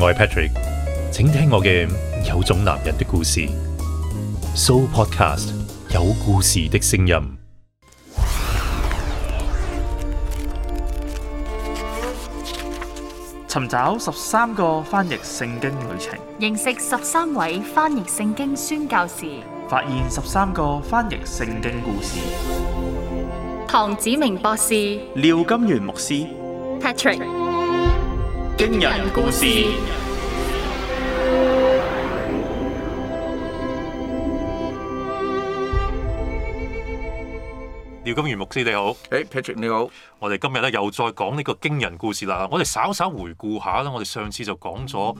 我係 Patrick，請聽我嘅有種男人的故事。So Podcast 有故事的聲音，尋找十三個翻譯聖經旅程，認識十三位翻譯聖經宣教士，發現十三個翻譯聖經故事。唐子明博士，廖金源牧師，Patrick。驚人故事，廖金元牧師你好，誒、hey, Patrick 你好，我哋今日咧又再講呢個驚人故事啦。我哋稍稍回顧下啦，我哋上次就講咗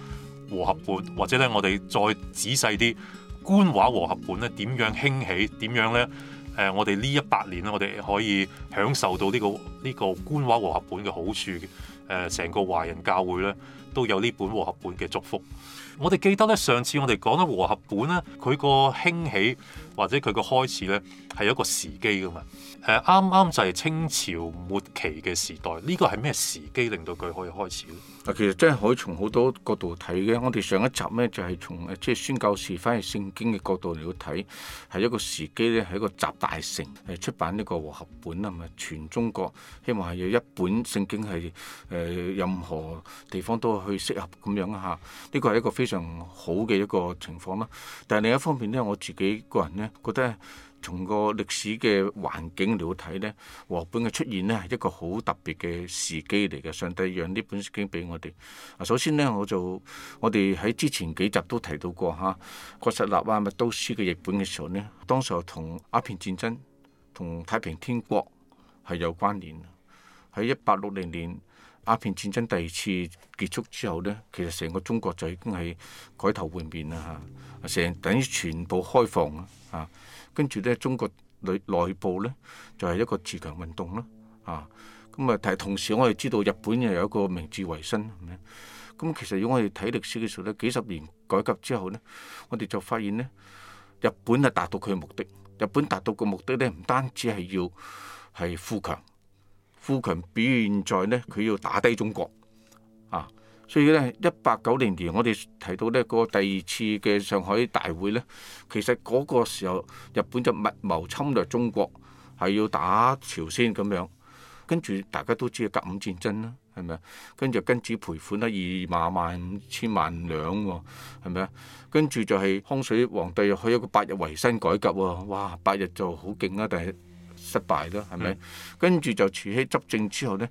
和合本，或者咧我哋再仔細啲官話和合本咧點樣興起，點樣咧誒我哋呢一百年啦，我哋可以享受到呢、這個呢、這個官話和合本嘅好處嘅。誒成、呃、個華人教會咧，都有呢本和合本嘅祝福。我哋記得咧，上次我哋講到和合本咧，佢個興起。或者佢個開始咧係一個時機噶嘛？誒啱啱就係清朝末期嘅時代，呢個係咩時機令到佢可以開始咧？啊，其實真係可以從好多角度睇嘅。我哋上一集咧就係從誒即係宣教士翻譯聖經嘅角度嚟到睇，係一個時機咧，係一個集大成誒出版呢個和合本啊嘛。全中國希望係有一本聖經係誒、呃、任何地方都去適合咁樣嚇，呢個係一個非常好嘅一個情況啦。但係另一方面咧，我自己個人咧，覺得從個歷史嘅環境嚟睇，呢和本嘅出現咧，係一個好特別嘅時機嚟嘅。上帝讓呢本書經俾我哋。啊，首先呢，我就我哋喺之前幾集都提到過嚇。國實立啊，咪都輸嘅日本嘅時候咧，當時同鴉片戰爭同太平天國係有關聯。喺一八六零年。鴉片戰爭第二次結束之後呢，其實成個中國就已經係改頭換面啦嚇，成等於全部開放啊，跟住呢中國內內部呢就係、是、一個自強運動咯啊，咁啊，但係同時我哋知道日本又有一個明治維新，咁、啊、其實如果我哋睇歷史嘅時候呢，幾十年改革之後呢，我哋就發現呢，日本係達到佢嘅目的，日本達到嘅目的呢，唔單止係要係富強。富強，表現在呢，佢要打低中國啊，所以呢，一八九零年我哋提到呢個第二次嘅上海大會呢，其實嗰個時候日本就密謀侵略中國，係要打朝鮮咁樣，跟住大家都知啊，甲午戰爭啦，係咪啊？跟住跟住賠款得二萬萬五千萬兩喎，係咪啊？跟住就係康水皇帝又去一個八日維新改革喎，哇，八日就好勁啊，但係。失敗咯，係咪？嗯、跟住就慈禧執政之後咧，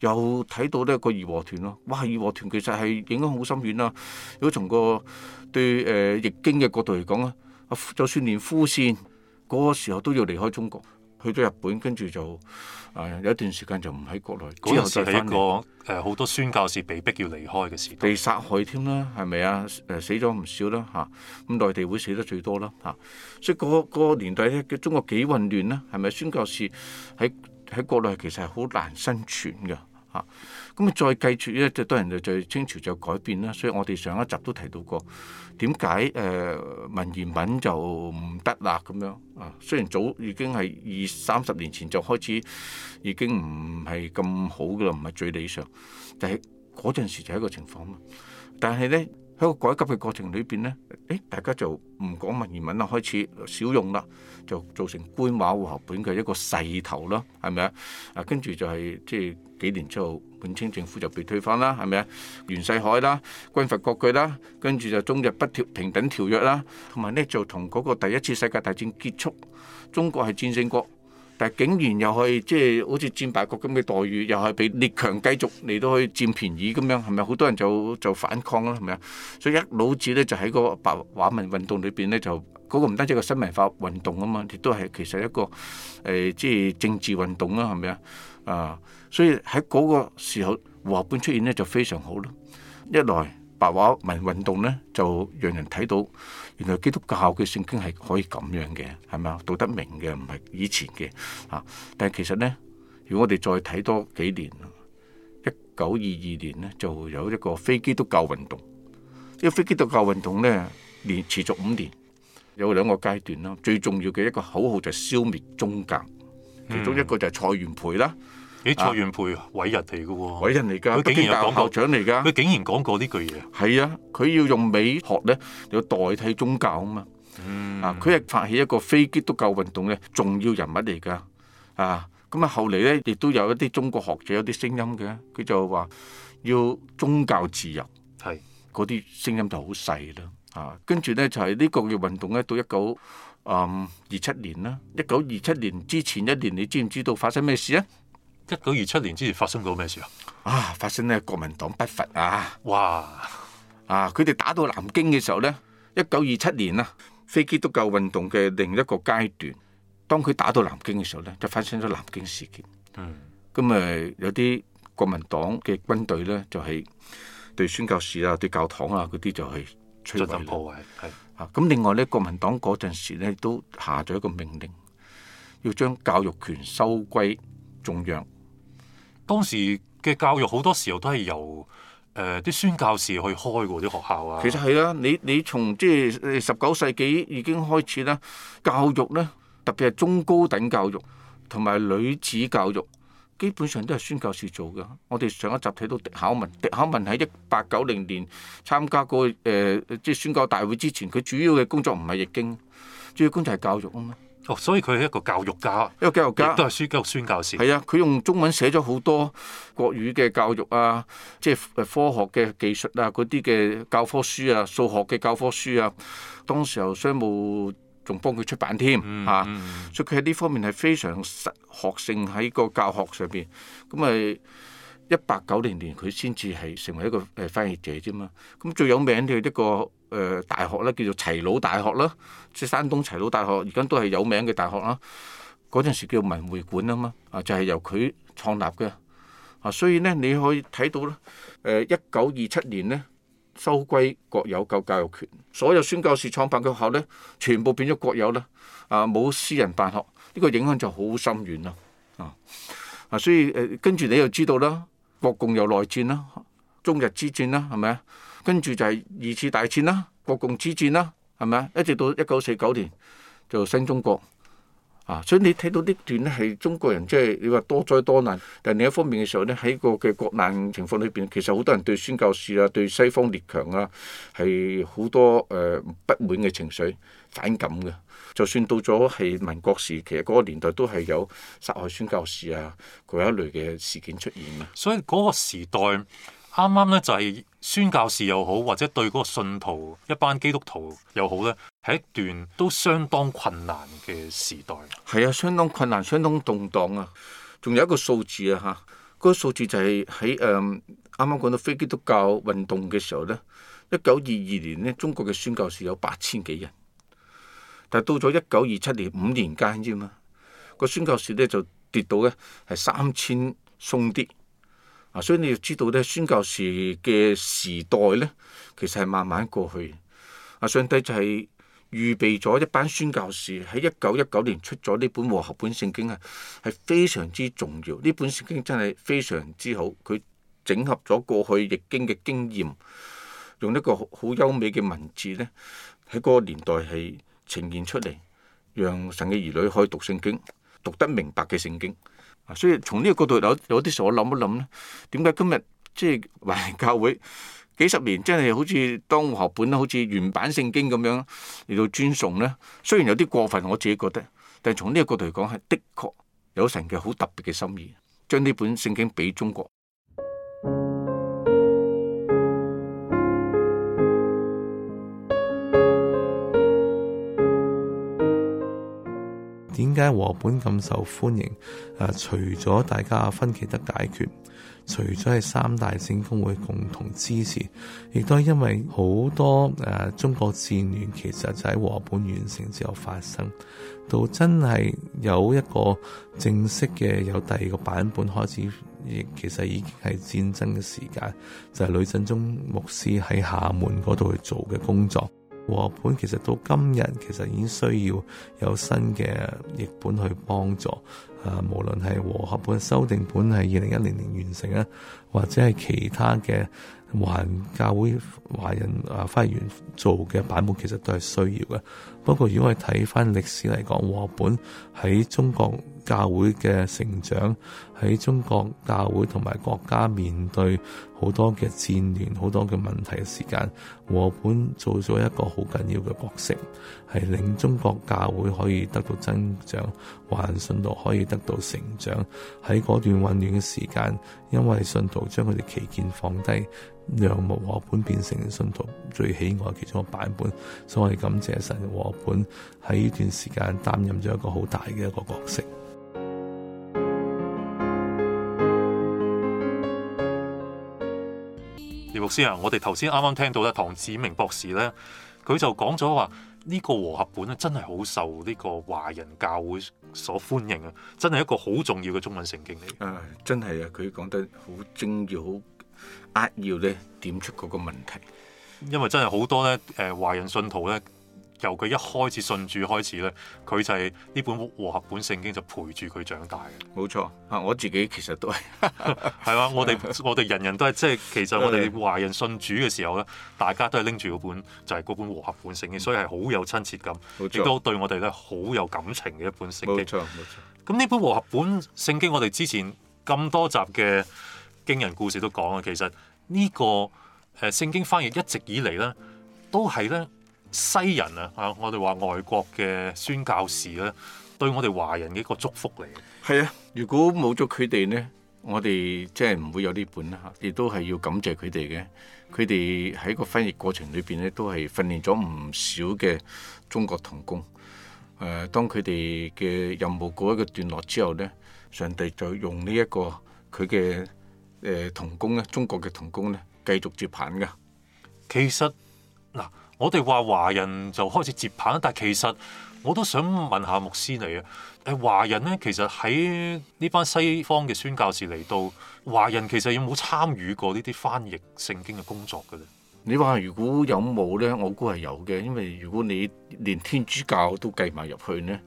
又睇到咧個義和團咯、啊。哇！義和團其實係影響好深遠啦、啊。如果從個對誒易、呃、經嘅角度嚟講咧，阿就算連夫線嗰個時候都要離開中國。.去咗日本，跟住就誒、呃、有一段時間就唔喺國內。之陣就係一個誒好、呃、多宣教士被逼要離開嘅時代，被殺害添啦，係咪、呃、啊？誒死咗唔少啦嚇，咁內地會死得最多啦嚇、啊，所以嗰、那、嗰、個那個年代咧，嘅中國幾混亂咧，係咪宣教士喺喺國內其實係好難生存嘅嚇。啊。咁啊，再繼續咧，當然就多人就再清朝就改變啦。所以我哋上一集都提到過，點解誒文言文就唔得啦咁樣啊？雖然早已經係二三十年前就開始，已經唔係咁好噶啦，唔係最理想，但係嗰陣時就係一個情況。但係咧喺個改革嘅過程裏邊咧，誒大家就唔講文言文啦，開始少用啦，就造成官話和合本嘅一個勢頭啦，係咪啊？啊，跟住就係、是、即係幾年之後。滿清政府就被推翻啦，係咪啊？袁世凱啦，軍閥割據啦，跟住就中日不平等條約啦，同埋呢就同嗰個第一次世界大戰結束，中國係戰勝國，但係竟然又係即係好似戰敗國咁嘅待遇，又係被列強繼續嚟到去佔便宜咁樣，係咪好多人就就反抗啦？係咪啊？所以一老子呢，就喺個白話文運動裏邊呢，就嗰、那個唔單止係個新文化運動啊嘛，亦都係其實一個誒即係政治運動啊，係咪啊？啊！所以喺嗰個時候，和合本出現呢就非常好咯。一來白話文運動呢，就讓人睇到，原來基督教嘅聖經係可以咁樣嘅，係咪啊？讀得明嘅，唔係以前嘅。但係其實呢，如果我哋再睇多幾年，一九二二年呢，就有一個非基督教運動。呢個非基督教運動呢，連持續五年，有兩個階段啦。最重要嘅一個口號就係消滅宗教，其中一個就係蔡元培啦。咦，蔡元培啊，偉人嚟嘅喎，偉人嚟㗎，基督教學長嚟㗎，佢竟然講過呢句嘢。係啊，佢要用美學咧，要代替宗教啊嘛。嗯，啊，佢係發起一個非基督教運動嘅重要人物嚟㗎。啊，咁啊，後嚟咧亦都有一啲中國學者有啲聲音嘅，佢就話要宗教自由。係，嗰啲聲音就好細啦。啊，跟住咧就係呢個嘅運動咧，到一九啊二七年啦，一九二七年之前一年，你知唔知道發生咩事啊？一九二七年之前發生過咩事啊？啊，發生咧國民黨北伐啊！哇！啊，佢哋打到南京嘅時候呢一九二七年啦，非基督教運動嘅另一個階段。當佢打到南京嘅時候呢就發生咗南京事件。咁誒、嗯，有啲國民黨嘅軍隊呢，就係、是、對宣教士啊、對教堂啊嗰啲就係摧毀破壞。咁、啊、另外呢，國民黨嗰陣時咧都下咗一個命令，要將教育權收歸中央。當時嘅教育好多時候都係由誒啲宣教士去開嘅啲學校啊。其實係啊，你你從即係十九世紀已經開始啦，教育咧特別係中高等教育同埋女子教育，基本上都係宣教士做㗎。我哋上一集睇到狄考文，狄考文喺一八九零年參加過誒、呃、即係宣教大會之前，佢主要嘅工作唔係譯經，主要工作係教育啊嘛。哦，所以佢係一個教育家，一個教育家，亦都係書教育孫教士。係啊，佢用中文寫咗好多國語嘅教育啊，即係科學嘅技術啊，嗰啲嘅教科書啊，數學嘅教科書啊。當時候商務仲幫佢出版添嚇、嗯嗯啊，所以佢喺呢方面係非常實學性喺個教學上邊。咁誒，一八九零年佢先至係成為一個誒翻譯者啫嘛。咁最有名嘅一個。誒、呃、大學咧叫做齊魯大學啦，即係山東齊魯大學，而家都係有名嘅大學啦。嗰陣時叫文會館啊嘛，啊就係、是、由佢創立嘅啊，所以咧你可以睇到咧，誒一九二七年咧收歸國有舊教育權，所有宣教士創辦嘅學校咧全部變咗國有啦，啊冇私人辦學，呢、這個影響就好深遠啦啊啊，所以誒跟住你又知道啦，國共有內戰啦，中日之戰啦，係咪啊？跟住就係二次大戰啦，啊，國共之戰啦，啊，係咪啊？一直到一九四九年就新中國，啊，所以你睇到段呢段咧，係中國人即、就、係、是、你話多災多難，但另一方面嘅時候呢，喺個嘅國難情況裏邊，其實好多人對宣教士啊，對西方列強啊，係好多誒、呃、不滿嘅情緒、反感嘅。就算到咗係民國時期，其實嗰個年代都係有殺害宣教士啊，佢一類嘅事件出現啦。所以嗰個時代，啱啱咧就係宣教士又好，或者對嗰個信徒一班基督徒又好咧，係一段都相當困難嘅時代。係啊，相當困難，相當動盪啊！仲有一個數字啊，吓，嗰個數字就係喺誒啱啱講到非基督教運動嘅時候咧，一九二二年咧，中國嘅宣教士有八千幾人，但係到咗一九二七年五年間啫嘛，個宣教士咧就跌到咧係三千鬆啲。所以你要知道咧，宣教士嘅時代咧，其實係慢慢過去。阿上帝就係預備咗一班宣教士喺一九一九年出咗呢本和合本聖經，啊，係非常之重要。呢本聖經真係非常之好，佢整合咗過去譯經嘅經驗，用一個好優美嘅文字咧，喺嗰個年代係呈現出嚟，讓神嘅兒女可以讀聖經，讀得明白嘅聖經。所以從呢個角度，有有啲時候我諗一諗呢，點解今日即係華人教會幾十年真係好似當和本，好似原版聖經咁樣嚟到尊崇呢？雖然有啲過分，我自己覺得，但係從呢個角度嚟講，係的確有神嘅好特別嘅心意，將呢本聖經俾中國。點解和本咁受歡迎？誒、啊，除咗大家分歧得解決，除咗係三大聖公會共同支持，亦都係因為好多誒、啊、中國戰亂其實就喺和本完成之後發生，到真係有一個正式嘅有第二個版本開始，亦其實已經係戰爭嘅時間，就係呂振中牧師喺廈門嗰度去做嘅工作。和本其實到今日其實已經需要有新嘅譯本去幫助，啊，無論係和合本修訂本係二零一零年完成啊，或者係其他嘅華人教會華人啊翻譯員做嘅版本，其實都係需要嘅。不過如果我哋睇返歷史嚟講，和本喺中國。教會嘅成長喺中國教會同埋國家面對好多嘅戰亂、好多嘅問題嘅時間，和本做咗一個好緊要嘅角色，係令中國教會可以得到增長，還信道可以得到成長。喺嗰段混亂嘅時間，因為信徒將佢哋旗幟放低，讓木和本變成信徒最喜愛其中嘅版本，所以我哋感謝神和本喺呢段時間擔任咗一個好大嘅一個角色。先啊，我哋頭先啱啱聽到咧，唐子明博士咧，佢就講咗話呢個和合本咧，真係好受呢個華人教會所歡迎啊，真係一個好重要嘅中文聖經嚟。啊，真係啊，佢講得好精要，好扼要咧，點出嗰個問題。因為真係好多咧，誒、呃、華人信徒咧。由佢一開始信主開始咧，佢就係呢本和合本聖經就陪住佢長大嘅。冇錯啊！我自己其實都係係啊，我哋我哋人人都係即係其實我哋華人信主嘅時候咧，大家都係拎住嗰本就係嗰本和合本聖經，所以係好有親切感，亦都冇錯，對我哋咧好有感情嘅一本聖經。冇錯冇錯，咁呢本和合本聖經，我哋之前咁多集嘅驚人故事都講啊，其實呢個誒聖經翻譯一直以嚟咧都係咧。西人啊，啊！我哋話外國嘅宣教士咧、啊，對我哋華人嘅一個祝福嚟。係啊，如果冇咗佢哋呢，我哋即係唔會有呢本啦。亦都係要感謝佢哋嘅。佢哋喺個翻譯過程裏邊咧，都係訓練咗唔少嘅中國同工。誒、呃，當佢哋嘅任務過一個段落之後呢，上帝就用呢、這、一個佢嘅誒同工咧，中國嘅同工咧，繼續接棒㗎。其實嗱。我哋話華人就開始接棒，但係其實我都想問下牧師你啊，誒華人咧其實喺呢班西方嘅宣教士嚟到華人其實有冇參與過呢啲翻譯聖經嘅工作㗎咧？你話如果有冇咧？我估係有嘅，因為如果你連天主教都計埋入去咧，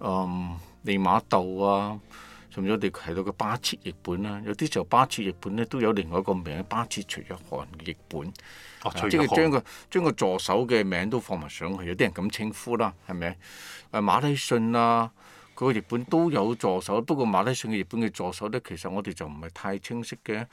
嗯，利瑪、嗯、竇啊，甚至乎你提到嘅巴設譯本啦、啊，有啲就巴設譯本咧都有另外一個名，巴設徐約翰譯本。啊、即係將個將個助手嘅名都放埋上去，有啲人咁稱呼啦，係咪？誒馬禮遜啊，佢個、啊、日本都有助手，不過馬禮遜嘅日本嘅助手咧，其實我哋就唔係太清晰嘅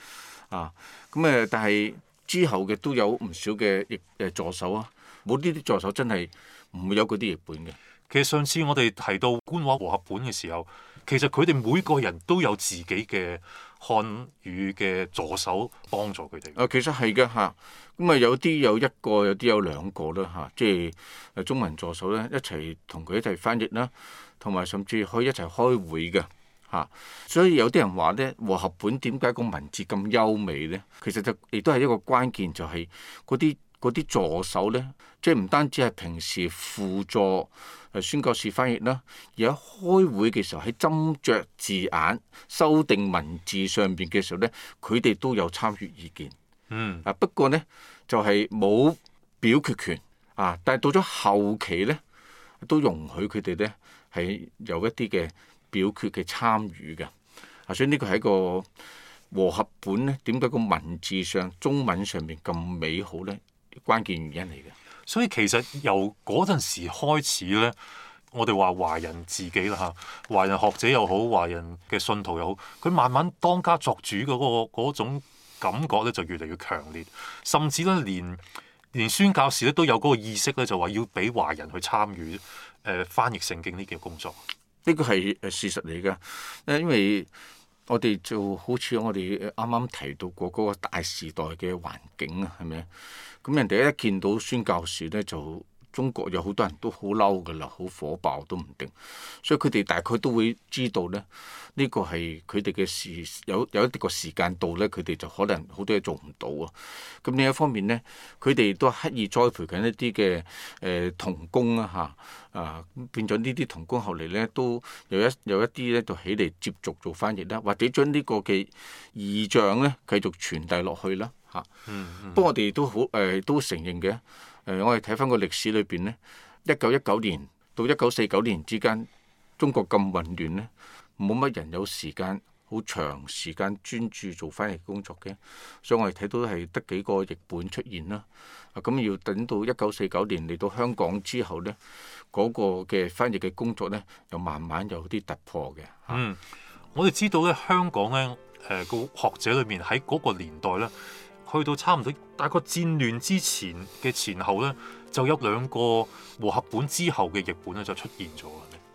啊。咁誒，但係之後嘅都有唔少嘅日助手啊。冇呢啲助手真係唔會有嗰啲日本嘅。其實上次我哋提到官話和合本嘅時候，其實佢哋每個人都有自己嘅。漢語嘅助手幫助佢哋啊，其實係嘅嚇。咁啊，有啲有一個，有啲有兩個啦嚇。即係中文助手咧，一齊同佢一齊翻譯啦，同埋甚至可以一齊開會嘅嚇。所以有啲人話咧，《和合本》點解個文字咁優美咧？其實就亦都係一個關鍵，就係嗰啲。嗰啲助手咧，即係唔單止係平時輔助誒宣教士翻譯啦，而喺開會嘅時候喺斟酌字眼、修訂文字上邊嘅時候咧，佢哋都有參與意見。嗯。啊，不過咧就係冇表決權啊，但係到咗後期咧都容許佢哋咧係有一啲嘅表決嘅參與嘅。啊，所以呢個係一個和合本咧，點解個文字上中文上面咁美好咧？關鍵原因嚟嘅，所以其實由嗰陣時開始咧，我哋話華人自己啦嚇，華人學者又好，華人嘅信徒又好，佢慢慢當家作主嘅嗰個種感覺咧就越嚟越強烈，甚至咧連連宣教士咧都有嗰個意識咧，就話要俾華人去參與誒、呃、翻譯聖經呢幾個工作。呢個係誒事實嚟嘅，誒因為。我哋就好似我哋啱啱提到過嗰個大時代嘅環境啊，係咪？咁、嗯、人哋一見到宣教士咧就。中國有好多人都好嬲嘅啦，好火爆都唔定，所以佢哋大概都會知道咧，呢、這個係佢哋嘅時有有一啲個時間到咧，佢哋就可能好多嘢做唔到啊。咁另一方面咧，佢哋都刻意栽培緊一啲嘅誒童工啊吓，啊變咗呢啲童工後嚟咧都有一有一啲咧就起嚟接續做翻譯啦、啊，或者將個呢個嘅意象咧繼續傳遞落去啦、啊、嚇。嗯嗯、不過我哋都好誒、呃、都承認嘅。誒、呃，我哋睇翻個歷史裏邊咧，一九一九年到一九四九年之間，中國咁混亂咧，冇乜人有時間好長時間專注做翻譯工作嘅，所以我哋睇到係得幾個譯本出現啦。咁、啊、要等到一九四九年嚟到香港之後咧，嗰、嗰個嘅翻譯嘅工作咧，又慢慢有啲突破嘅。嗯，我哋知道咧，香港咧，誒、呃、個學者裏面喺嗰個年代咧。去到差唔多大概戰亂之前嘅前後咧，就有兩個和合本之後嘅譯本咧就出現咗。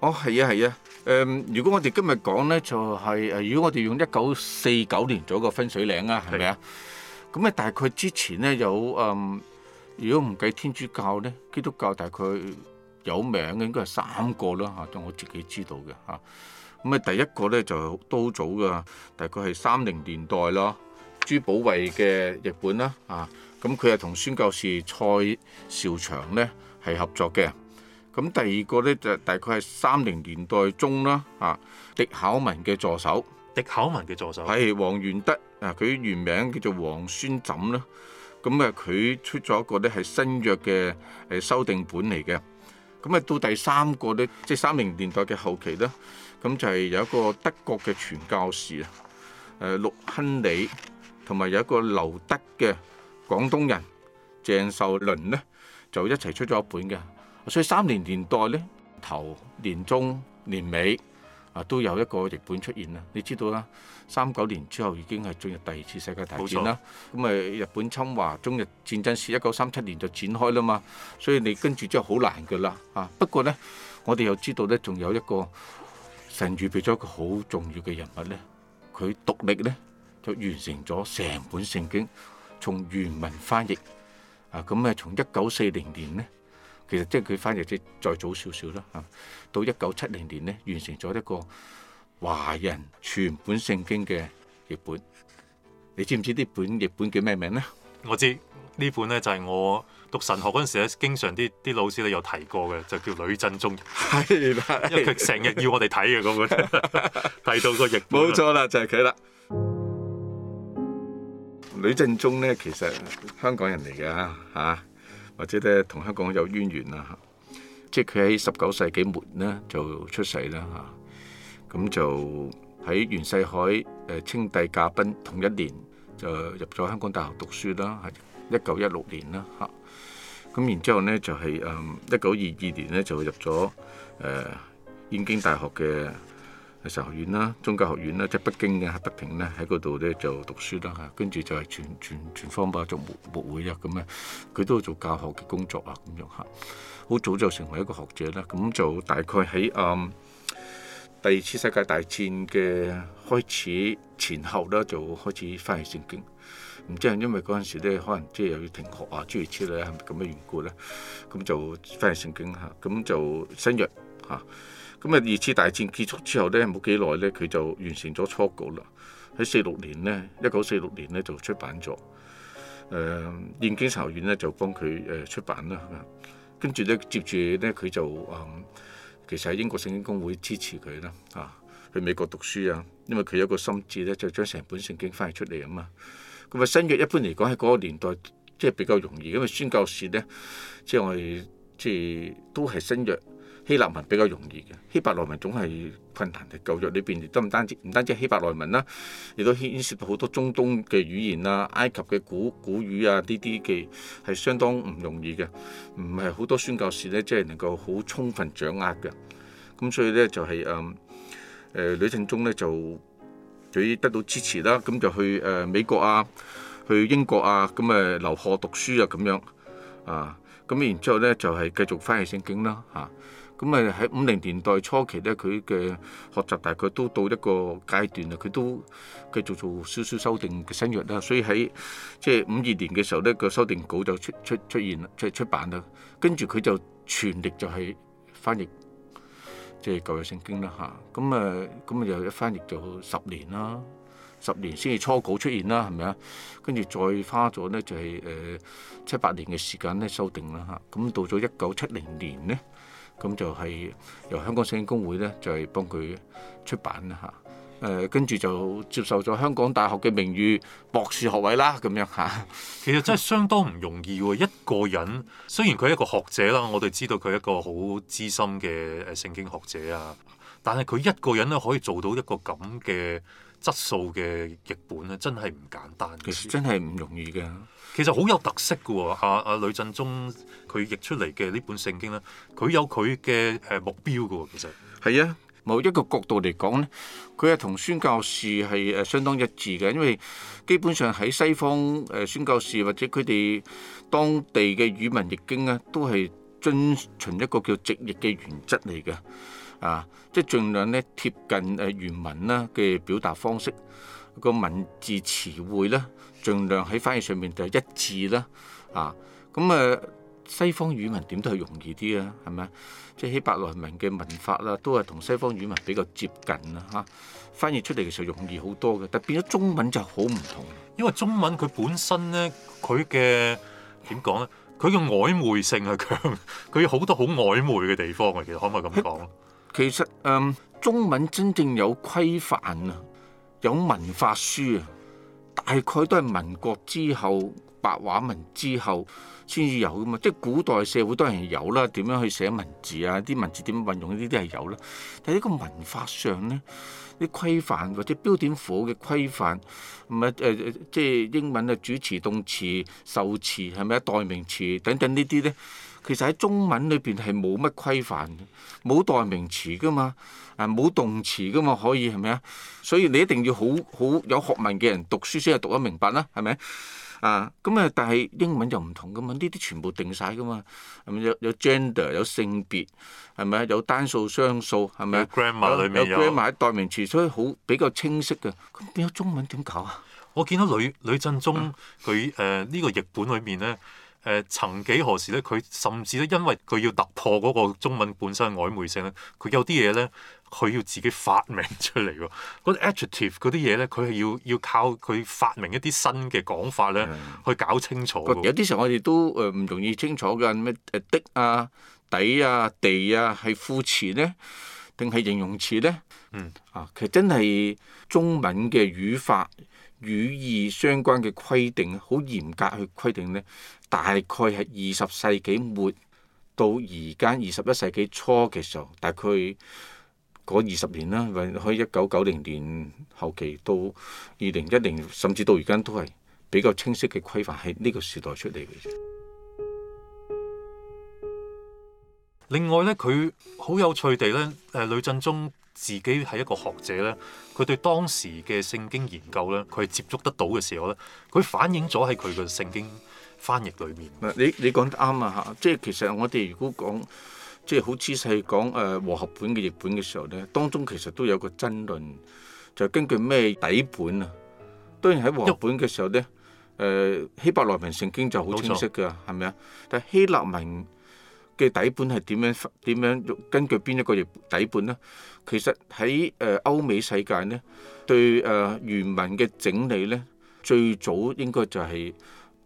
哦，係啊，係啊。誒、嗯，如果我哋今日講咧，就係、是、誒，如果我哋用一九四九年做個分水嶺啊，係咪啊？咁啊的，大概之前咧有誒、嗯，如果唔計天主教咧，基督教大概有名嘅應該係三個啦吓，我自己知道嘅吓。咁啊，第一個咧就都好早噶，大概係三零年代咯。朱寶慧嘅日本啦，啊，咁佢係同宣教士蔡兆祥咧係合作嘅。咁第二個咧就大概係三零年代中啦，啊，狄考文嘅助手，狄考文嘅助手係王元德，啊，佢原名叫做王宣忱啦。咁啊，佢、啊、出咗一個咧係新約嘅誒修訂本嚟嘅。咁啊，到第三個咧，即係三零年代嘅後期咧，咁就係有一個德國嘅傳教士啊，誒，陸亨理。同埋有一個留德嘅廣東人鄭秀麟呢，就一齊出咗一本嘅。所以三年年代呢，頭年中年尾啊，都有一個譯本出現啦。你知道啦，三九年之後已經係進入第二次世界大戰啦。咁啊，冇錯，日本侵華、中日戰爭係一九三七年就展開啦嘛。所以你跟住之後好難噶啦。啊，不過呢，我哋又知道呢，仲有一個神預備咗一個好重要嘅人物呢，佢獨立呢。就完成咗成本聖經，從原文翻譯啊！咁咧，從一九四零年呢，其實即係佢翻譯即再早少少啦，到一九七零年呢，完成咗一個華人全本聖經嘅譯本。你知唔知呢本譯本叫咩名呢？我知呢本呢，就係、是、我讀神學嗰陣時咧，經常啲啲老師咧有提過嘅，就叫《呂振中》。係， 因為佢成日要我哋睇嘅嗰本， 提到個譯本。冇 錯啦，就係佢啦。李正中咧，其實香港人嚟嘅嚇，或者咧同香港有淵源啦嚇、啊，即係佢喺十九世紀末咧就出世啦嚇，咁、啊、就喺袁世凱誒、呃、清帝駕崩同一年就入咗香港大學讀書啦，係一九一六年啦嚇，咁、啊、然之後咧就係誒一九二二年咧就入咗誒、呃、燕京大學嘅。成學院啦，宗教學院啦，即係北京嘅德平咧，喺嗰度咧就讀書啦，跟住就係全全全方包，竹木木會啊咁啊，佢都做教學嘅工作啊咁樣嚇，好早就成為一個學者啦。咁就大概喺、嗯、第二次世界大戰嘅開始前後咧，就開始翻嚟聖經。唔知係因為嗰陣時咧，可能即係又要停學啊諸如此類係咪咁嘅緣故咧，咁就翻嚟聖經嚇，咁就新約嚇。啊。咁啊，二次大戰結束之後咧，冇幾耐咧，佢就完成咗初稿啦。喺四六年咧，一九四六年咧就出版咗。誒、呃，燕京神學院咧就幫佢誒、呃、出版啦。跟住咧，接住咧佢就誒、呃，其實喺英國聖經公會支持佢啦。啊，去美國讀書啊，因為佢有個心志咧，就將成本聖經翻譯出嚟啊嘛。咁啊，新約一般嚟講喺嗰個年代即係比較容易，因為宣教士咧即係我哋即係都係新約。希臘文比較容易嘅，希伯來文總係困難嘅。舊約呢邊亦都唔單止唔單止希伯來文啦，亦都牽涉到好多中東嘅語言啦、埃及嘅古古語啊，呢啲嘅係相當唔容易嘅，唔係好多宣教士咧，即係能夠好充分掌握嘅。咁所以咧就係誒誒旅程中咧就就得到支持啦，咁就去誒美國啊，去英國啊，咁誒留學讀書啊咁樣啊，咁然之後咧就係繼續翻譯聖經啦嚇。咁誒喺五零年代初期咧，佢嘅學習大概都到一個階段啦。佢都繼續做少少修訂嘅新約啦，所以喺即係五二年嘅時候咧，個修訂稿就出出出現啦，即係出版啦。跟住佢就全力就係翻譯即係舊約聖經啦。吓、啊，咁誒咁誒又一翻譯咗十年啦，十年先至初稿出現啦，係咪、就是呃、啊？跟住再花咗咧就係誒七八年嘅時間咧修訂啦。吓，咁到咗一九七零年咧。咁就係由香港聖經公會咧，就係幫佢出版啦嚇。誒，跟住就接受咗香港大學嘅名譽博士學位啦，咁樣嚇。其實真係相當唔容易喎，一個人雖然佢係一個學者啦，我哋知道佢係一個好資深嘅誒聖經學者啊，但係佢一個人咧可以做到一個咁嘅質素嘅譯本咧，真係唔簡單，其。 其實真係唔容易嘅。其實好有特色嘅喎，阿阿呂振中佢譯出嚟嘅呢本聖經咧，佢有佢嘅誒目標嘅喎、啊。其實係啊，某一個角度嚟講咧，佢係同宣教士係誒相當一致嘅，因為基本上喺西方誒、呃、宣教士或者佢哋當地嘅語文譯經咧，都係遵循一個叫直譯嘅原則嚟嘅。啊，即係盡量咧貼近誒原、呃、文啦嘅表達方式，個文字詞彙咧，盡量喺翻譯上面就一致啦。啊，咁、啊、誒西方語文點都係容易啲啊，係咪啊？即係希伯來文嘅文法啦，都係同西方語文比較接近啦、啊。嚇、啊，翻譯出嚟嘅時候容易好多嘅，但係變咗中文就好唔同。因為中文佢本身咧，佢嘅點講咧，佢嘅曖昧性係強，佢有好多好曖昧嘅地方嘅，其實可唔可以咁講？其實，嗯，中文真正有規範啊，有文法書啊，大概都係民國之後，白話文之後先至有噶嘛。即係古代社會當然有啦，點樣去寫文字啊，啲文字點運用呢啲都係有啦。但係呢個文法上呢，啲規範或者標點符號嘅規範，唔係誒誒，即係英文嘅主詞、動詞、受詞係咪啊？代名詞等等呢啲咧，其實喺中文裏邊係冇乜規範嘅，冇代名詞噶嘛，啊冇動詞噶嘛，可以係咪啊？所以你一定要好好有學問嘅人讀書先係讀得明白啦，係咪？啊，咁啊，但係英文就唔同噶嘛，呢啲全部定晒噶嘛，係咪有有 gender 有性別係咪啊？有單數雙數係咪啊？grammar 裏面有，有，grammar 代名詞，所以好比較清晰嘅。咁變咗中文點搞啊？我見到呂呂振中佢誒呢個譯本裏面咧。誒、呃、曾幾何時咧？佢甚至咧，因為佢要突破嗰個中文本身曖昧性咧，佢有啲嘢咧，佢要自己發明出嚟喎。嗰、那、啲、個、adjective 嗰啲嘢咧，佢係要要靠佢發明一啲新嘅講法咧，去搞清楚。有啲時候我哋都誒唔容易清楚㗎，咩誒的啊、底啊、地啊係副詞咧，定係形容詞咧？嗯啊，其實真係中文嘅語法語義相關嘅規定，好嚴格去規定咧。大概係二十世紀末到而家二十一世紀初嘅時候，大概嗰二十年啦，或可以一九九零年後期到二零一零，甚至到而家都係比較清晰嘅規範，喺呢個時代出嚟嘅。另外呢，佢好有趣地呢，誒、呃，呂振中自己係一個學者呢，佢對當時嘅聖經研究呢，佢係接觸得到嘅時候呢，佢反映咗喺佢嘅聖經。翻譯裏面，你你講得啱啊！嚇，即係其實我哋如果講，即係好似係講誒和合本嘅譯本嘅時候咧，當中其實都有個爭論，就是、根據咩底本啊？當然喺和本嘅時候咧，誒用、呃、希伯來文聖經就好清晰㗎，係咪啊？但係希臘文嘅底本係點樣？點樣根據邊一個譯底本咧？其實喺誒、呃、歐美世界咧，對誒、呃、原文嘅整理咧，最早應該就係、是。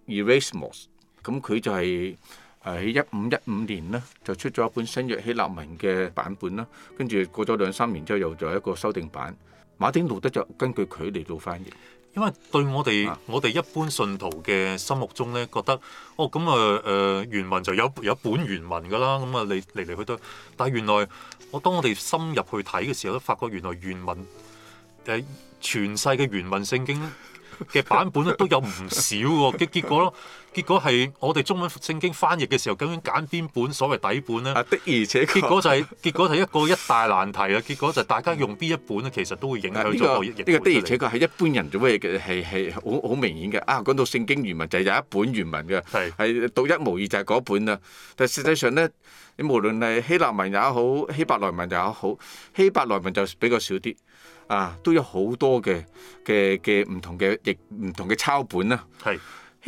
Erasmus，咁佢就係喺一五一五年咧，就出咗一本新約希臘文嘅版本啦。跟住過咗兩三年之後，又做一個修訂版。馬丁路德就根據佢嚟做翻譯，因為對我哋、啊、我哋一般信徒嘅心目中咧，覺得哦咁啊誒原文就有有本原文㗎啦。咁啊嚟嚟嚟去去，但係原來我當我哋深入去睇嘅時候，都發覺原來原文誒、呃、全世界嘅原文聖經咧。嘅版本咧都有唔少喎，嘅結果。結果係我哋中文聖經翻譯嘅時候，究竟揀邊本所謂底本咧？的而且確，結果就係、是、 結果就係一個一大難題啊！結果就係大家用邊一本咧，其實都會影響呢、啊呢個呢個的而且確係一般人做咩嘅？係係好好明顯嘅啊！講到聖經原文就有一本原文嘅，係係獨一無二，就係嗰本啦。但實際上咧，你無論係希臘文也好，希伯來文也好，希伯來文就比較少啲啊，都有好多嘅嘅嘅唔同嘅亦唔同嘅抄本啦、啊。係。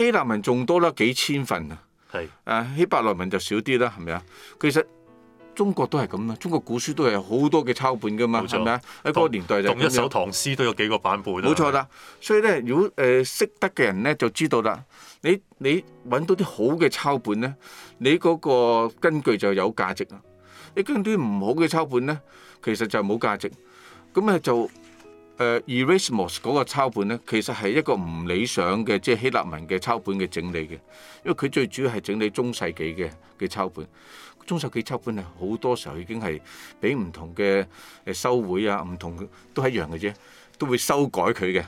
希臘文仲多啦，幾千份是啊！係誒，希伯來文就少啲啦，係咪啊？其實中國都係咁啦，中國古書都係好多嘅抄本噶嘛，係咪啊？喺嗰吧同個年代，就是，讀一首唐詩都有幾個版本，冇錯啦。是所以咧，如果誒、呃、識得嘅人咧，就知道啦。你你揾到啲好嘅抄本咧，你嗰個根據就有價值啦。你跟啲唔好嘅抄本咧，其實就冇價值。咁啊就。誒、uh, Erasmus 嗰個抄本咧，其實係一個唔理想嘅，即、就、係、是、希臘文嘅抄本嘅整理嘅，因為佢最主要係整理中世紀嘅嘅抄本，中世紀抄本咧好多時候已經係俾唔同嘅誒修會啊，唔同都係一樣嘅啫，都會修改佢嘅，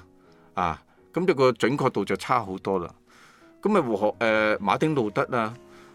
啊，咁、那、你個準確度就差好多啦，咁咪和誒、呃、馬丁路德啊。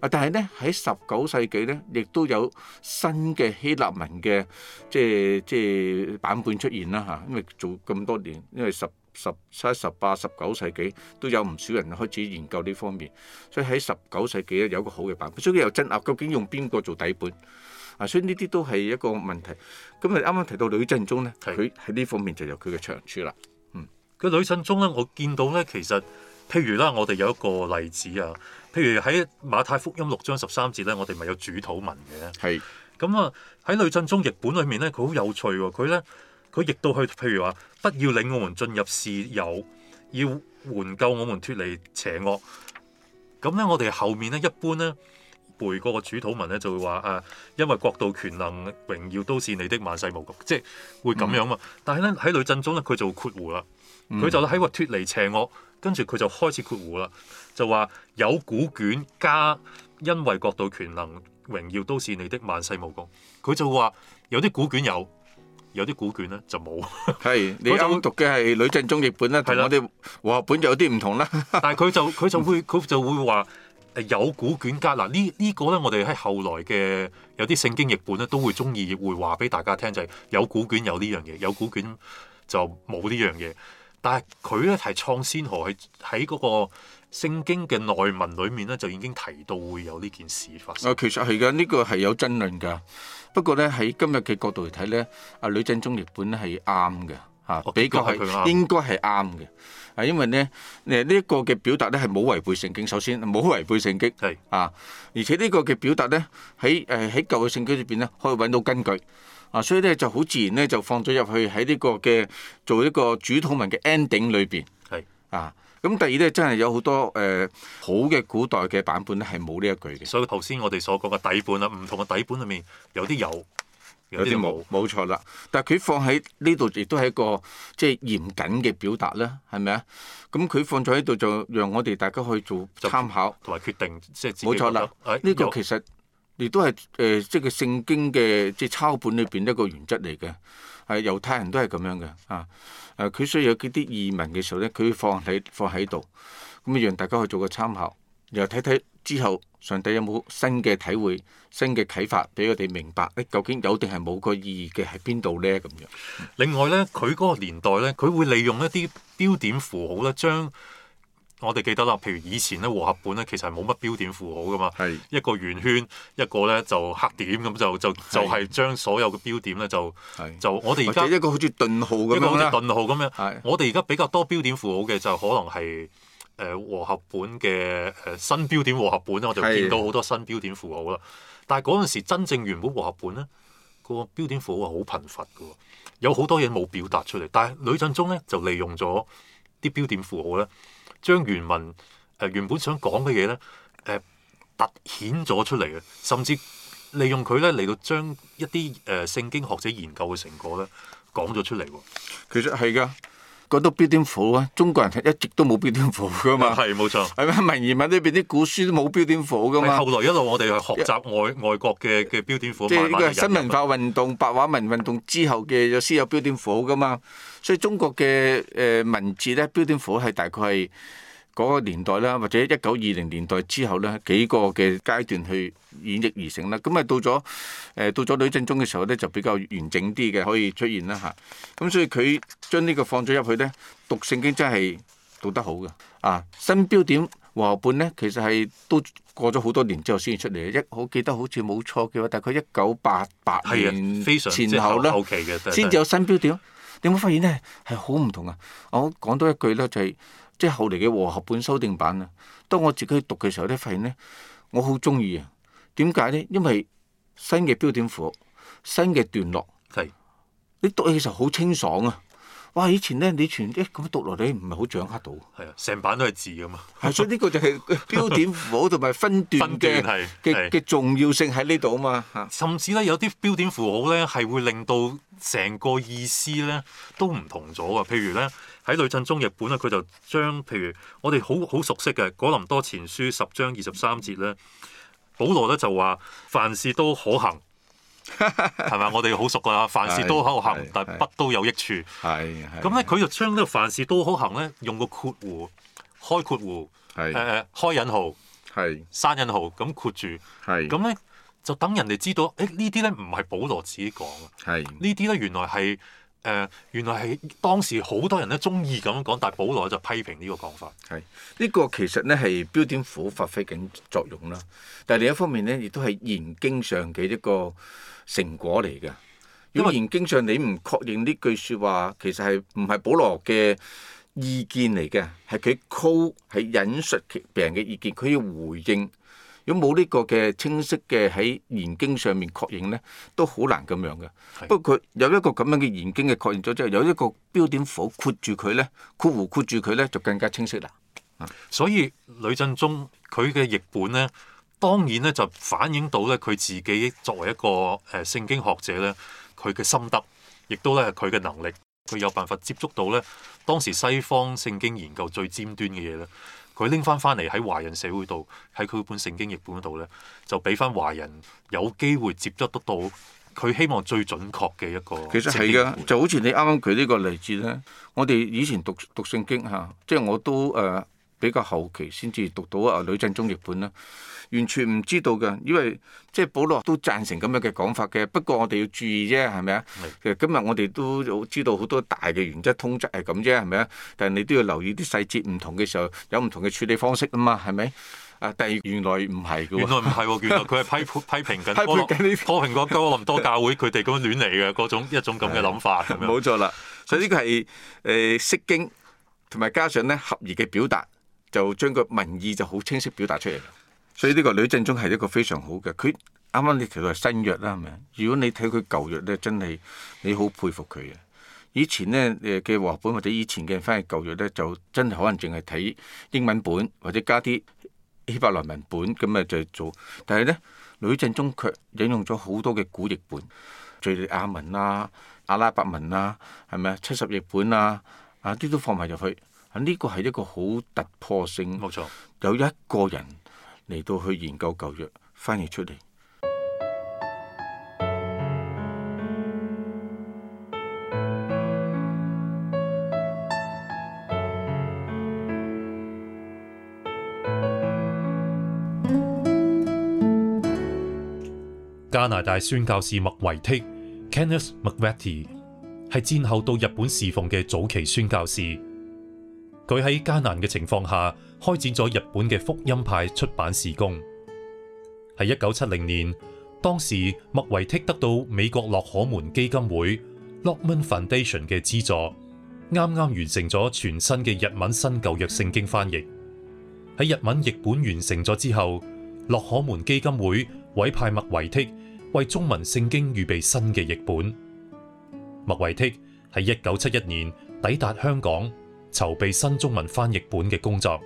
啊！但係咧，喺十九世紀咧，亦都有新嘅希臘文嘅即係即係版本出現啦嚇，因為做咁多年，因為十十七、十八、十九世紀都有唔少人開始研究呢方面，所以喺十九世紀咧有一個好嘅版本。所以佢又爭拗究竟用邊個做底本啊！所以呢啲都係一個問題。咁啊，啱啱提到呂振中咧，佢喺呢方面就有佢嘅長處啦。是嗯，佢呂振中咧，我見到咧其實譬如啦，我哋有一個例子啊。譬如喺馬太福音六章十三節咧，我哋咪有主土文嘅。係咁啊，喺呂振中譯本裏面咧，佢好有趣喎。佢咧佢譯到去譬如話，不要領我們進入試誘，要援救我們脱離邪惡。咁咧，我哋後面咧一般咧背嗰個主土文咧就會話誒、啊，因為國度、權能、榮耀都是你的，萬世無窮。」即係會咁樣嘛。嗯、但係咧喺呂振中啊，佢就括弧啦。佢、嗯、就喺個脱離邪惡，跟住佢就開始括弧啦，就話有古卷加，因為國度權能榮耀都是你的萬世無窮。佢就話有啲古卷有，有啲古卷咧就冇 就。你中我的就讀嘅係呂振中譯本啦。係 啦、這個，我哋哇本有啲唔同啦。但係佢就佢就會佢就會話誒有古卷加嗱呢呢個咧，我哋喺後來嘅有啲聖經譯本咧都會中意會話俾大家聽，就係、是、有古卷有呢樣嘢，有古卷就冇呢樣嘢。但係佢咧係創先河，係喺嗰個聖經嘅內文裏面咧，就已經提到會有呢件事發生。啊，其實係嘅，呢、這個係有爭論嘅。不過咧，喺今日嘅角度嚟睇咧，阿呂振中譯本係啱嘅，嚇、哦，比較係應該係啱嘅。啊，因為咧，誒呢一個嘅表達咧係冇違背聖經，首先冇違背聖經，係是啊，而且個呢個嘅表達咧喺誒喺舊嘅聖經入邊咧可以揾到根據。啊，所以咧就好自然咧，就放咗入去喺呢個嘅做一個主統文嘅 ending 裏邊。係啊，咁第二咧，真係有好多誒好嘅古代嘅版本咧，係冇呢一句嘅。所以頭先我哋所講嘅底本啊，唔同嘅底本裏面有啲有，有啲冇。冇錯啦，但係佢放喺呢度，亦都係一個即係嚴謹嘅表達啦，係咪啊？咁佢放咗喺度，就讓我哋大家去做參考同埋決定，即係自己。冇錯啦，呢個其實。亦都係誒、呃，即係聖經嘅即係抄本裏邊一個原則嚟嘅，係、啊、猶太人都係咁樣嘅啊！誒、啊，佢需要有幾啲異文嘅時候咧，佢放喺放喺度，咁啊讓大家去做個參考，然後睇睇之後上帝有冇新嘅體會、新嘅啟發俾佢哋明白，誒究竟有定係冇個意義嘅喺邊度咧？咁樣。另外咧，佢嗰個年代咧，佢會利用一啲標點符號咧將。我哋記得啦，譬如以前咧和合本咧，其實係冇乜標點符號噶嘛，是一個圓圈，一個咧就黑點，咁就就是就係將所有嘅標點咧就是就我哋而家一個好似頓號咁好似頓號咁樣。我哋而家比較多標點符號嘅就可能係誒、呃、和合本嘅誒、呃、新標點和合本我就見到好多新標點符號啦。是但係嗰陣時真正原本和合本咧，個標點符號係好貧乏嘅，有好多嘢冇表達出嚟。但係呂振中咧就利用咗啲標點符號咧。將原文誒、呃、原本想講嘅嘢咧，誒、呃、突顯咗出嚟嘅，甚至利用佢咧嚟到將一啲誒、呃、聖經學者研究嘅成果咧講咗出嚟喎。其實係㗎。講到標點符啊！Iful, 中國人係一直都冇標點符噶嘛，係冇錯。係咩文言文呢邊啲古書都冇標點符噶嘛？但係後來一路我哋去學習外外國嘅嘅標點符。即係呢個係新文化，文化運動、白話文運動之後嘅有先有標點符噶嘛，所以中國嘅誒文字咧標點符係大概係。嗰個年代啦，或者一九二零年代之後咧，幾個嘅階段去演繹而成啦。咁啊，到咗誒到咗呂振中嘅時候咧，就比較完整啲嘅，可以出現啦吓，咁所以佢將呢個放咗入去咧，讀聖經真係讀得好嘅啊！新標點和合本咧，其實係都過咗好多年之後先至出嚟，一我記得好似冇錯嘅話，大概一九八八年非常後前後啦，先至、okay、有新標點。你有冇發現咧？係好唔同啊！我講多一句咧、就係，就係。即係後嚟嘅《和合本》修訂版啊！當我自己讀嘅時候，都發現咧，我好中意啊！點解咧？因為新嘅標點符號、新嘅段落，係是你讀起時候好清爽啊！哇！以前咧，你全一咁、欸、讀落你唔係好掌握到。係啊，成版都係字㗎嘛。係， 所以呢個就係標點符號同埋分段嘅嘅嘅重要性喺呢度啊嘛。甚至咧，有啲標點符號咧，係會令到成個意思咧都唔同咗啊！譬如咧，喺《女震中》日本咧，佢就將譬如我哋好好熟悉嘅《哥林多前書》十章二十三節咧，保羅咧就話凡事都可行，係咪？我哋好熟㗎，凡事都可行，但不都有益處。係係。咁咧，佢就將呢個凡事都可行咧，用個括弧，開括弧，誒誒，開引號，係刪引號，咁括住。係。咁咧就等人哋知道，誒呢啲咧唔係保羅自己講。係。呢啲咧原來係。誒、呃、原來係當時好多人咧中意咁樣講，但係保羅就批評呢個講法。係呢、這個其實咧係標點符號發揮緊作用啦。但係另一方面咧，亦都係研經上嘅一個成果嚟嘅。如果研經上你唔確認呢句説話，其實係唔係保羅嘅意見嚟嘅，係佢攤係引述其他人嘅意見，佢要回應。有冇呢個嘅清晰嘅喺研經上面確認呢？都好難咁樣嘅。是的 不過佢有一個咁樣嘅研經嘅確認咗之後，就是、有一個標點符括住佢呢，括弧括住佢呢，就更加清晰啦。所以呂振中佢嘅譯本呢，當然呢，就反映到呢，佢自己作為一個誒、呃、聖經學者呢，佢嘅心得，亦都呢，佢嘅能力，佢有辦法接觸到呢，當時西方聖經研究最尖端嘅嘢呢。佢拎翻翻嚟喺華人社會度，喺佢本聖經譯本嗰度咧，就俾翻華人有機會接觸得到，佢希望最準確嘅一個。其實係㗎，就好似你啱啱舉呢個例子咧，我哋以前讀讀聖經嚇、啊，即係我都誒。啊。比較後期先至讀到啊，呂振中譯本啦，完全唔知道嘅，因為即係保羅都贊成咁樣嘅講法嘅。不過我哋要注意啫，係咪啊？其多實次今日我哋都知道好多大嘅原則通則係咁啫，係咪啊？但係你都要留意啲細節，唔同嘅時候有唔同嘅處理方式啊嘛，係咪？啊，但係原來唔係嘅，原來唔係、啊，原來佢係批批評緊，批評緊呢？批評嗰哥林多教會佢哋咁樣亂嚟嘅嗰種一種咁嘅諗法。咪多次？冇錯啦，所以呢個係誒釋經同埋加上咧合宜嘅表達。就將個民意就好清晰表達出嚟，所以呢個呂振中係一個非常好嘅。佢啱啱你提到係新約啦，係咪？如果你睇佢舊約咧，真係你好佩服佢啊！以前咧嘅和合本或者以前嘅翻譯舊約咧，就真係可能淨係睇英文本或者加啲希伯來文本咁啊，就做。但係咧，呂振中卻引用咗好多嘅古譯本，敍利亞文啊、阿拉伯文啊，係咪啊？七十譯本啊，啊啲都放埋入去。呢個係一個好突破性，冇錯，有一個人嚟到去研究舊約，翻譯出嚟。加拿大宣教士麥維剔 （Kenneth McVetty） 係戰後到日本侍奉嘅早期宣教師。佢喺艱難嘅情況下開展咗日本嘅福音派出版事工。喺一九七零年，當時麥維剔得到美國洛可門基金會 （Lockman Foundation） 嘅資助，啱啱完成咗全新嘅日文新舊約聖經翻譯。喺日文譯本完成咗之後，洛可門基金會委派麥維剔為，為中文聖經預備新嘅譯本。麥維剔喺一九七一年抵達香港。籌備新中文翻譯本嘅工作，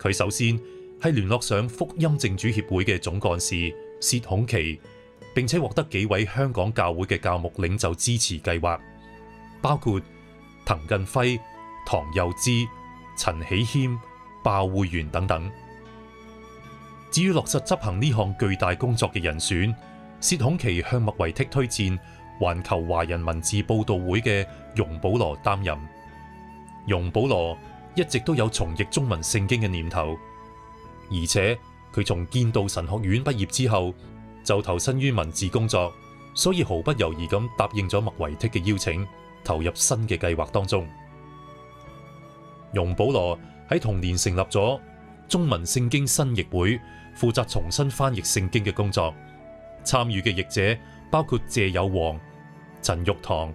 佢首先係聯絡上福音正主協會嘅總幹事薛孔琪，並且獲得幾位香港教會嘅教牧領袖支持計劃，包括滕近輝、唐佑之、陳喜謙、鮑會園等等。至於落實執行呢項巨大工作嘅人選，薛孔琪向麥維剔推薦環球華人文字報道會嘅容保羅擔任。容保羅一直都有重譯中文聖經嘅念頭，而且佢從建道神學院畢業之後就投身於文字工作，所以毫不猶豫咁答應咗麥維剔嘅邀請，投入新嘅計劃當中。容保羅喺同年成立咗中文聖經新譯會，負責重新翻譯聖經嘅工作。參與嘅譯者包括謝友煌、陳玉堂、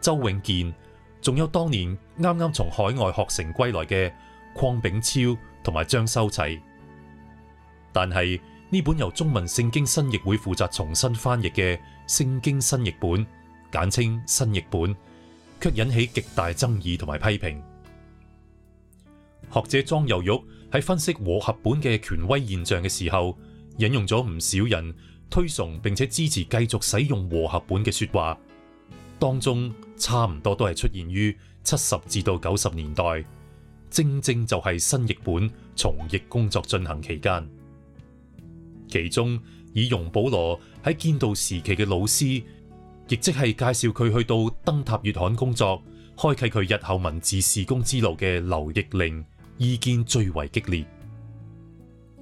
周永健。仲有當年啱啱從海外學成歸來嘅鄺炳超同埋張修齊，但係呢本由中文聖經新譯會負責重新翻譯嘅《聖經新譯本》，簡稱新譯本，卻引起極大爭議同埋批評。學者莊有玉喺分析和合本嘅權威現象嘅時候，引用咗唔少人推崇並且支持繼續使用和合本嘅說話。當中，差唔多都係出現於七十至到九十年代，正正就係新譯本重譯工作進行期間。其中，以容保羅喺堅道時期嘅老師，亦即係介紹佢去到燈塔月刊工作，開啟佢日後文字事工之路嘅劉奕玲意見最為激烈。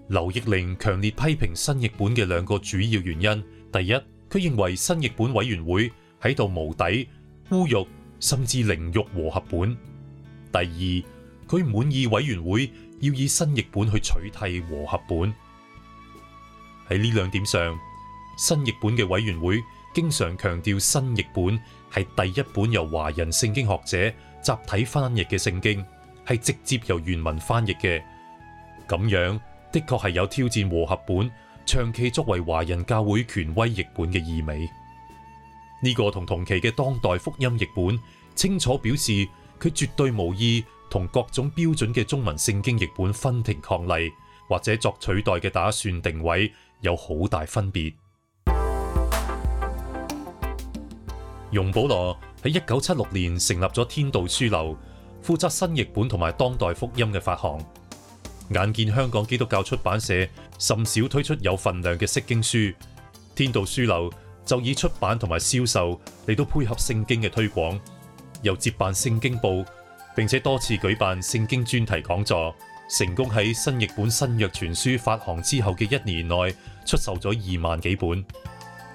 劉奕玲強烈批評新譯本嘅兩個主要原因：第一，佢認為新譯本委員會喺度無底污辱，甚至凌辱和合本。第二，佢唔滿意委員會要以新譯本去取替和合本。喺呢兩點上，新譯本嘅委員會經常強調新譯本係第一本由華人聖經學者集體翻譯嘅聖經，係直接由原文翻譯嘅。咁樣的確係有挑戰和合本，長期作為華人教會權威譯本嘅意味。呢個同同期嘅當代福音譯本清楚表示，佢絕對無意同各種標準嘅中文聖經譯本分庭抗禮，或者作取代嘅打算定位有好大分別。 容保羅喺一九七六年成立咗天道書樓，負責新譯本同埋當代福音嘅發行。眼見香港基督教出版社甚少推出有份量嘅釋經書，天道書樓就以出版同埋銷售嚟到配合聖經嘅推廣，又接辦聖經報，並且多次舉辦聖經專題講座，成功喺新譯本新約全書發行之後嘅一年內出售咗二萬幾本。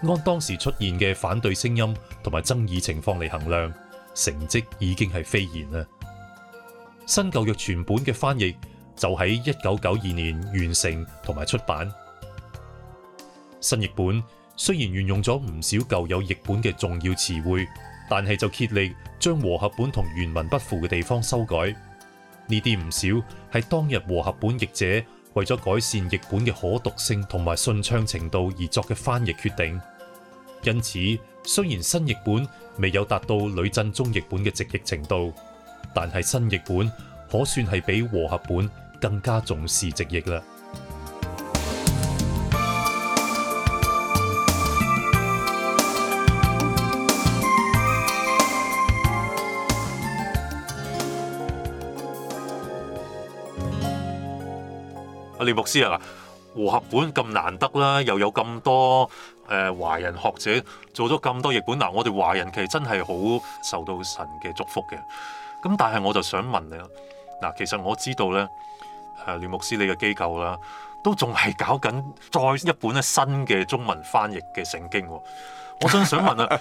按當時出現嘅反對聲音同埋爭議情況嚟衡量，成績已經係斐然啦。新舊約全本嘅翻譯就喺一九九二年完成同埋出版，新譯本。雖然沿用咗唔少舊有譯本嘅重要詞彙，但係就竭力將和合本同原文不符嘅地方修改。呢啲唔少係當日和合本譯者為咗改善譯本嘅可讀性同埋順暢程度而作嘅翻譯決定。因此，雖然新譯本未有達到呂振中譯本嘅直譯程度，但係新譯本可算係比和合本更加重視直譯啦。廖牧師啊，嗱，和合本咁難得啦，又有咁多誒、呃、華人學者做咗咁多譯本，嗱、呃，我哋華人其實真係好受到神嘅祝福嘅。咁但係我就想問你啦，嗱、呃，其實我知道咧，誒廖牧師你嘅機構啦，都仲係搞緊再一本咧新嘅中文翻譯嘅聖經、哦。我想想問啊，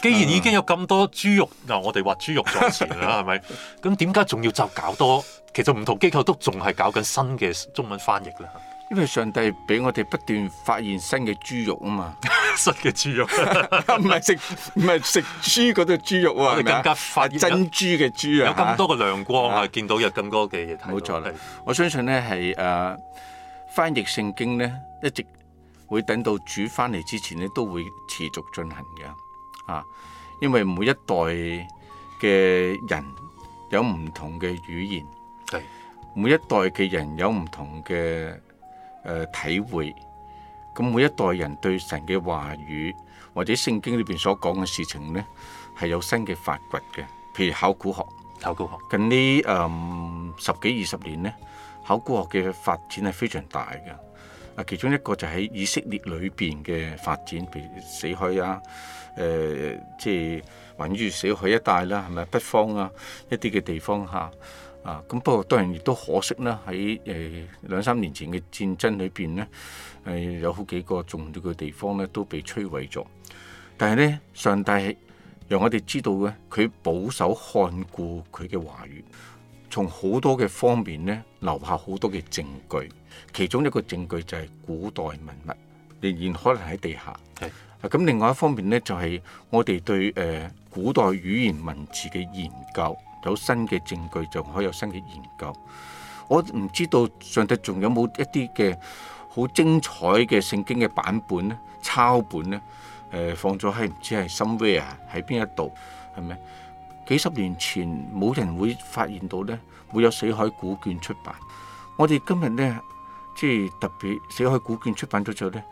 既然已經有咁多豬肉，嗱我哋話豬肉在前啦，係咪？咁點解仲要就搞多？其實唔同機構都仲係搞緊新嘅中文翻譯啦。因為上帝俾我哋不斷發現新嘅豬肉啊嘛， 新嘅豬肉，唔係食唔係食豬嗰啲豬肉啊。我哋更加發現、啊、珍珠嘅豬啊，有咁多個亮光啊，見到有咁多嘅嘢睇。冇錯啦，我相信咧係誒翻譯聖經咧一直。會等到主返嚟之前咧，都會持續進行嘅。啊，因為每一代嘅人有唔同嘅語言，係對每一代嘅人有唔同嘅誒、呃、體會。咁每一代人對神嘅話語或者聖經裏邊所講嘅事情咧，係有新嘅發掘嘅。譬如考古學，考古學近呢誒、呃、十幾二十年咧，考古學嘅發展係非常大嘅。啊，其中一個就喺以色列裏邊嘅發展，譬如死海啊，誒、呃，即係位於死海一帶啦，係咪北方啊一啲嘅地方嚇？啊，咁不過當然亦都可惜啦，喺誒兩三年前嘅戰爭裏邊咧，係、呃、有好幾個重要嘅地方咧都被摧毀咗。但係咧，上帝讓我哋知道嘅，佢保守看顧佢嘅話語，從好多嘅方面咧留下好多嘅證據。其中一個證據就係古代文物仍然可能喺地下。係咁是、啊、另外一方面呢，就係、是、我哋對誒、呃、古代語言文字嘅研究有新嘅證據，就可以有新嘅研究。我唔知道上帝仲有冇一啲嘅好精彩嘅聖經嘅版本呢？抄本呢？誒、呃、放咗喺唔知喺 somewhere 喺邊一度係咪？幾十年前冇人會發現到呢？會有死海古卷出版。我哋今日呢。即係特別《死海古卷》出版咗之後咧，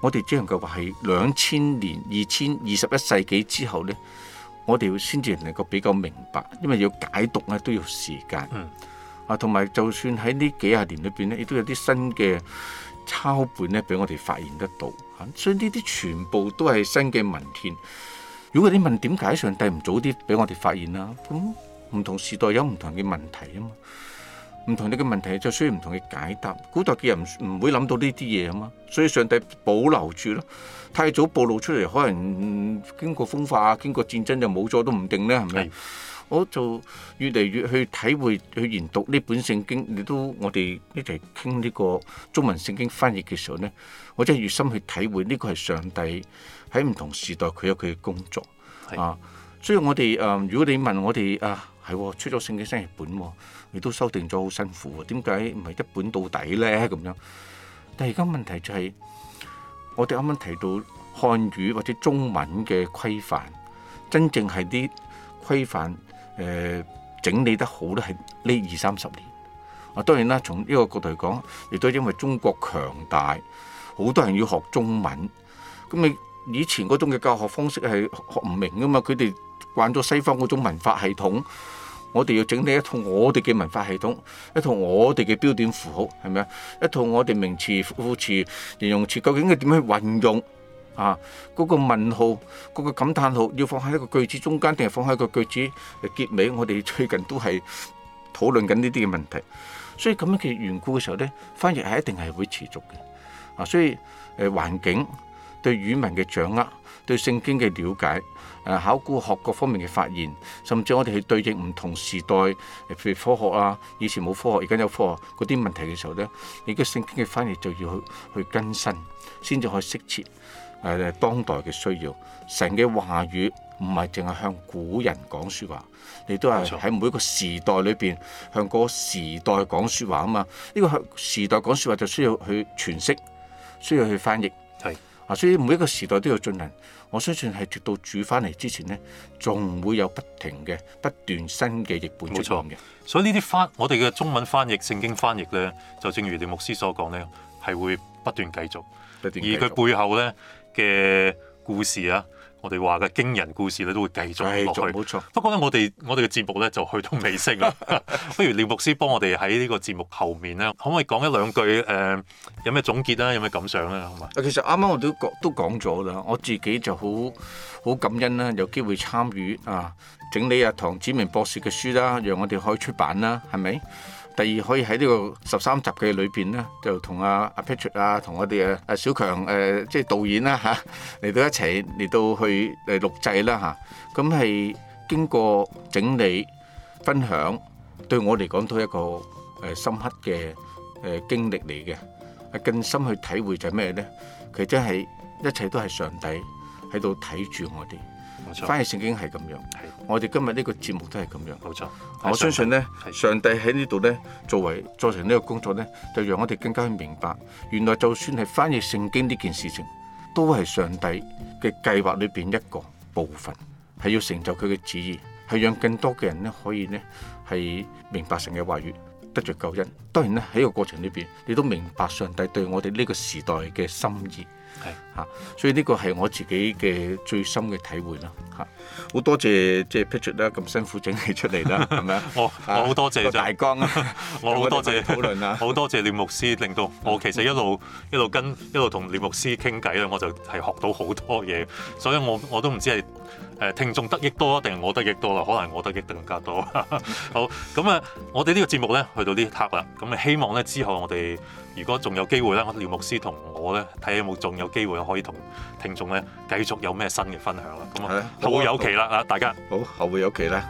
我哋只能夠話係兩千年、二千二十一世紀之後咧，我哋先至能夠比較明白，因為要解讀咧都要時間。啊，同埋就算喺呢幾廿年裏邊咧，亦都有啲新嘅抄本咧俾我哋發現得到，啊、所以呢啲全部都係新嘅文獻。如果你問點解上帝唔早啲俾我哋發現啦，咁唔同時代有唔同嘅問題啊嘛。唔同你嘅問題就需要唔同嘅解答。古代嘅人唔唔會諗到呢啲嘢啊嘛，所以上帝保留住咯。太早暴露出嚟，可能、嗯、經過風化啊，經過戰爭就冇咗都唔定咧，係咪？是我就越嚟越去體會去研讀呢本聖經。你都我哋一齊傾呢個中文聖經翻譯嘅時候咧，我真係越深去體會呢、這個係上帝喺唔同時代佢有佢嘅工作是啊。所以我哋誒、呃，如果你問我哋啊，係、啊、出咗聖經新譯本。亦都修訂咗好辛苦喎，點解唔係一本到底呢？咁樣？但係而家問題就係、是，我哋啱啱提到漢語或者中文嘅規範，真正係啲規範誒、呃、整理得好都係呢二三十年。啊，當然啦，從呢個角度嚟講，亦都因為中國強大，好多人要學中文，咁你以前嗰種嘅教學方式係學唔明㗎嘛，佢哋慣咗西方嗰種文化系統。我哋要整理一套我哋嘅文化系統，一套我哋嘅標點符號係咪啊？一套我哋名詞、副詞、形容詞，究竟佢點樣去運用啊？嗰個問號、嗰個感嘆號，要放喺一個句子中間定係放喺個句子嘅結尾？我哋最近都係討論緊呢啲嘅問題，所以咁樣嘅緣故嘅時候咧，翻譯係一定係會持續嘅。啊，所以誒環境對語文嘅掌握。對聖經嘅了解，誒、啊、考古學各方面嘅發現，甚至我哋去對應唔同時代，譬如科學啊，以前冇科學，而家有科學嗰啲問題嘅時候咧，你個聖經嘅翻譯就要去去更新，先至可以適切誒、啊、當代嘅需要。神嘅話語唔係淨係向古人講説話，你都係喺每一個時代裏邊向嗰個時代講説話啊嘛。呢、這個向時代講説話就需要去詮釋，需要去翻譯。啊！所以每一個時代都要進行。我相信係直到主返嚟之前呢，仲會有不停嘅不斷新嘅譯本出現嘅。所以呢啲翻我哋嘅中文翻譯聖經翻譯呢，就正如梁牧師所講呢，係會不斷繼續，不斷繼續，而佢背後呢嘅故事啊。我哋話嘅驚人故事咧，都會繼續落去。冇錯，不過咧，我哋我哋嘅節目咧就去到尾聲啦。 不如廖牧師幫我哋喺呢個節目後面咧，可唔可以講一兩句誒、呃？有咩總結啊？有咩感想啊？好嘛？啊，其實啱啱我都講都講咗啦。我自己就好好感恩啦，有機會參與啊，整理阿、啊、唐子明博士嘅書啦，讓我哋可以出版啦，係咪？第二可以喺呢個十三集嘅裏邊呢，就同阿阿 Patrick 啊，同我哋啊阿小強誒，即係導演啦嚇，嚟到一齊嚟到去誒錄製啦嚇。咁、啊、係經過整理分享，對我嚟講都係一個誒、呃、深刻嘅誒、呃、經歷嚟嘅。更深去體會就係咩呢？佢真係一切都係上帝喺度睇住我哋。翻譯聖經係咁樣，的我哋今日呢個節目都係咁樣。冇錯的，我相信呢，上帝喺呢度呢，作為做成呢個工作呢，就讓我哋更加明白，原來就算係翻譯聖經呢件事情，都係上帝嘅計劃裏邊一個部分，係要成就佢嘅旨意，係讓更多嘅人呢可以呢，係明白神嘅話語，得着救恩。當然呢，喺個過程裏邊，你都明白上帝對我哋呢個時代嘅心意。係嚇，所以呢個係我自己嘅最深嘅體會啦嚇。好多謝即係 Patrick 啦，咁辛苦整理出嚟啦，係咪啊？哦， 好多謝大江啊！ 我好多謝討論啊！好 多謝廖牧師， 令到我其實一路一路跟一路同廖牧師傾偈咧，我就係學到好多嘢。所以我我都唔知係誒聽眾得益多定係我得益多啦，可能我得益更加多。 好咁啊，我哋呢個節目咧去到呢一 part 啦，咁希望咧之後我哋。如果仲有機會咧，我廖牧師同我咧睇下有冇仲有，有機會可以同聽眾咧繼續有咩新嘅分享啦。咁啊，後、啊、會有期啦！啊，大家好，啊、好，後會有期啦！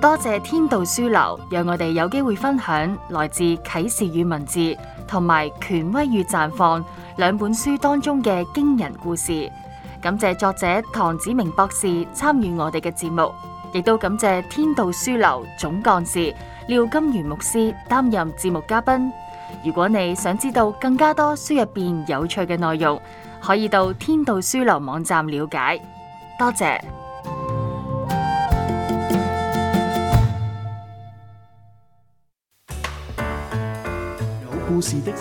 多謝天道書樓，讓我哋有機會分享來自啟示與文字同埋權威與綻放兩本書當中嘅驚人故事。感謝作者唐子明博士參與我哋嘅節目。亦都感謝天道書樓總幹事廖金源牧師擔任節目嘉賓。如果你想知道更加多書入邊有趣嘅內容，可以到天道書樓網站了解。多謝。有故事的